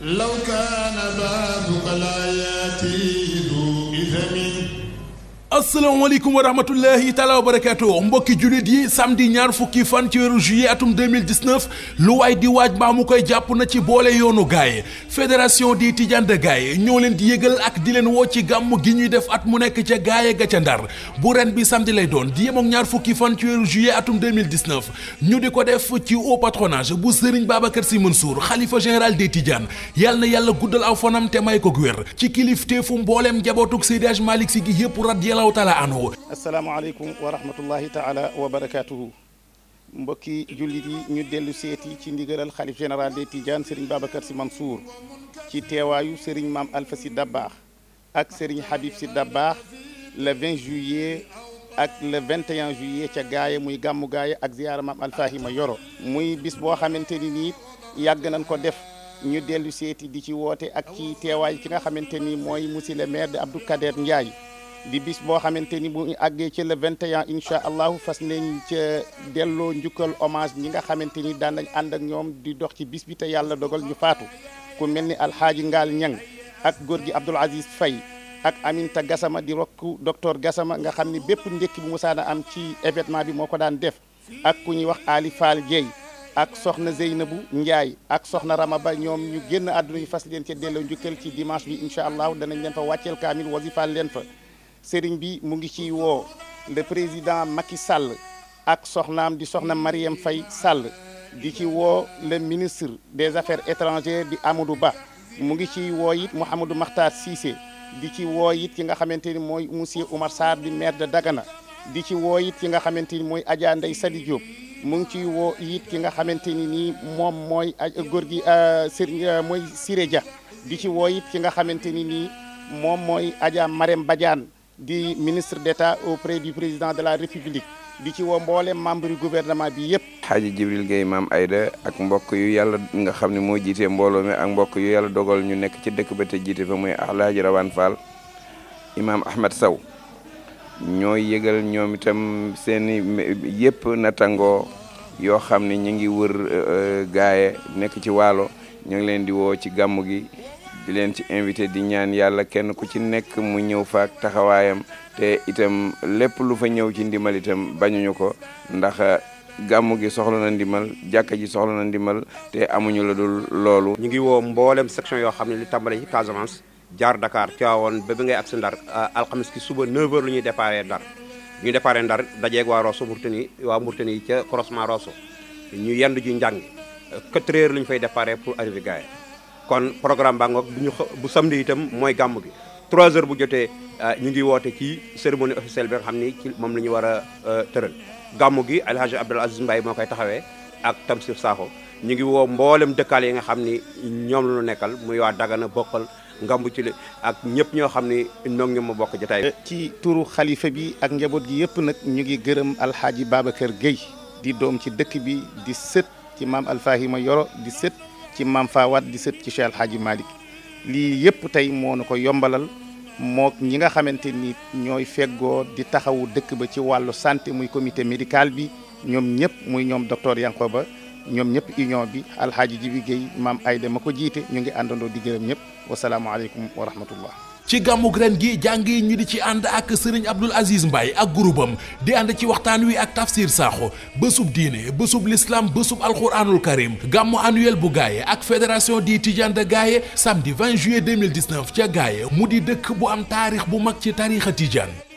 لو كان بعض الآيات asalaamaaleykum wa rahmatullahi taala wa barakaatu mbokki jullit yi samedi ñaar fukki fan ci weeru juillet atum 2019 lu waay di waaj maa mu koy jàpp na ci boole yoonu gaay fédération di Tidiane de gaay ñoo leen di yëgal ak di leen woo ci gàmm gi ñuy def at mu nekk ca gaay ga ca ndar bu ren bi samedi lay doon di yem ak ñaar fukki fan ci weeru juillet atum 2019 ñu di ko def ci haut patronage bu Serigne Babacar Sy Mansour xalifa général des Tidiane yàlla na yàlla guddal aw fanam te may ko wér ci kilifteefu mbooleem njabootug Seydi Hadj yëpp radiallahu radiyallahu taala anhu assalamu alaykum wa rahmatullahi taala wa barakatuh mbokki jullit ñu delu seeti ci ndigeural xalif général de Tidianes Serigne Babacar si Mansour ci tewayu Serigne mam alfa si Dabakh ak Serigne Habib si Dabakh le 20 juillet ak le 21 juillet ca gaaye muy gamu gaaye ak ziyaara Maam Alfahima Yoro muy bis bo xamanteni ni yag nañ ko def ñu delu seeti di ci wote ak ci teewaay ki nga xamanteni moy musile maire de Abdou Kader Ndiaye di bis boo xamante ni bu àggee ci le 21 incha allahu fas nañ ca delloo njukkal hommage ñi nga xamante ni daan nañ ànd ak ñoom di dox ci bis bi te yàlla dogal ñu faatu ku mel ni alxaaji Ngaal Ñang ak góor gi Abdoul Aziz fay ak Aminta gasama di rokku docteur Gassama nga xam ni bépp ndékki bu musaana am ci événement bi moo ko daan def ak ku ñuy wax Ali faal Dieye ak soxna Zeynabu Ndiaye ak soxna Rama Ba ñoom ñu génn àdduna ñu fas leen ca delloo njukkal ci dimanche bi incha allahu danañ leen fa wàcceel kaamil wasifaal leen fa sëriñ bi mu ngi ci woo le président Macky Sall ak soxnaam di soxna Marième fay Sall di ci woo le ministre des affaires étrangères di Amadou Ba mu ngi ci woo it Mouhamadou Makhtar Cissé di ci woo it ki nga xamante ni mooy monsieur Oumar Sarr bi maire de Dagana di ci woo it ki nga xamante ni mooy Adja Ndeye mu ngi ciy woo ki nga xamante ni nii moom mooy góor gi Serigne mooy Siré Dia di ci woo it ki nga xamante ni nii moom mooy Adja Marème Badiane di ministre d'État auprès du président de la République di ci wo mboolem membre yu gouvernement bi yëpp. xaaji Jibril Gueye maam Aida ak mbokk yu yàlla nga xam ne moo jiite mbooloo mi ak mbokk yu yàlla dogal ñu nekk ci dëkk ba te jiite fa muy Alaaji Rawaan Fall imaam Ahmed saw ñooy yëgal ñoom itam seen i yëpp nattangoo yoo xam ni ñu ngi wër euh, euh, gaaye nekk ci waalo ñu ngi leen di woo ci gàmm gi di leen ci invité di ñaan yàlla kenn ku ci nekk mu ñëw faak taxawaayam te itam lépp lu fa ñëw ci ndimal itam bañuñu ko ndax euh, gàmmu gi soxla na ndimal jàkka ji soxla na ndimal te amuñu la dul loolu. ñu ngi woo mboolem section yoo xam ne li tàmbale ci Casamance jaar Dakar Tivaouane ba bi ngay agsi Ndar euh, alxames ki suba 9h lu ñuy déparé Ndar ñu déparé Ndar dajeeg waa Rosso Mauritanie waa Mauritanie ca croisement Rosso ñu yendu ji njàng 4h ñu fay déparé pour arrivé Gaye. kon programme baa ngoog bu ñu bu samedi itam mooy gàmm gi 3 heures bu jotee euh, ñu ngi woote ci cérémonie officielle bi xam ni ci moom la ñu war a euh, tëral gàmm gi El Hadj Abdoul Aziz Mbaye moo koy taxawee ak Tamsir Sakho ñu ngi woo mboolem dëkkaale yi nga xam ni ñoom lu ñu nekkal muy waa Dagana bokkal ngambu ci ak ñëpp ñoo xam ni ñoo ngi ma bokk jotaay ci turu xalifa bi ak njaboot gi yëpp nag ñu ngi gërëm alxaaji Babacar Gueye di doom ci dëkk bi di sët ci maam Alfahima Yoro di sët ci Maam Fawat di sët ci Cheikh El Hadji lii yëpp tey moo nu ko yombalal moo ñi nga xamante ni ñooy feggoo di taxawu dëkk ba ci wàllu santé muy comité médical bi ñoom ñëpp muy ñoom docteur Yankoba ñoom ñëpp union bi alxaaji Jibi Guèye maam Ayda ma ko jiite ñu ngi àndandoo di gërëm ñëpp wasalaamualeykum wa rahmatullah ci gàmmu ren gi jàng yi ñu di ci ànd ak sëriñ Abdul Aziz Mbaye ak groupam di ànd ci waxtaan wi ak tafsir Sakho bésub diine bésub l'islam bésub alxuraanul karim gàmmu annuel bu gaaye ak fédération di Tidiane de gaaye samedi 20 juillet 2019 ca gaaye mu di dëkk bu am taarix bu mag ci a Tidiane